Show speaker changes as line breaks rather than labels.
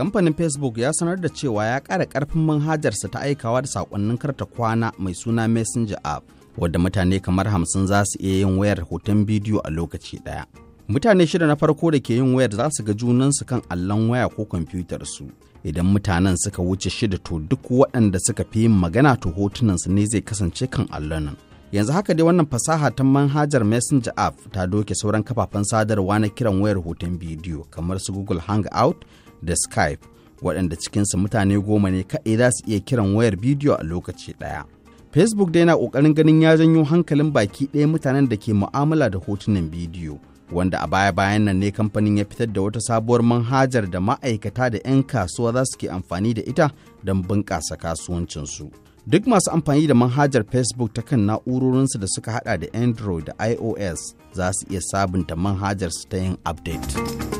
kamfanin facebook ya sanar da cewa ya kara karfin manhajarsa ta aikawa da saƙonnin karta kwana mai suna messenger app wadda mutane kamar hamsin za su iya yin wayar hoton bidiyo a lokaci ɗaya mutane shida na farko da ke yin wayar za su ga junansu kan allon waya ko kwamfutar su idan mutanen suka wuce shida to duk waɗanda suka fi yin magana to hotunansu ne zai kasance kan allonan yanzu haka dai wannan fasaha ta manhajar messenger app ta doke sauran kafafen sadarwa na kiran wayar hoton bidiyo kamar su google hangout da skype waɗanda cikinsu mutane goma ne kaɗai za su iya kiran wayar bidiyo a lokaci ɗaya facebook dai na ƙoƙarin ganin ya janyo hankalin baki ɗaya mutanen da ke mu'amala da hotunan bidiyo wanda a baya-bayan nan ne kamfanin ya fitar da wata sabuwar manhajar da ma'aikata da 'yan kasuwa za su ke amfani da ita don bunƙasa kasuwancinsu. Duk masu amfani da manhajar Facebook ta kan na'urorinsu da suka hada da Android da iOS za su iya sabunta manhajarsu ta yin update.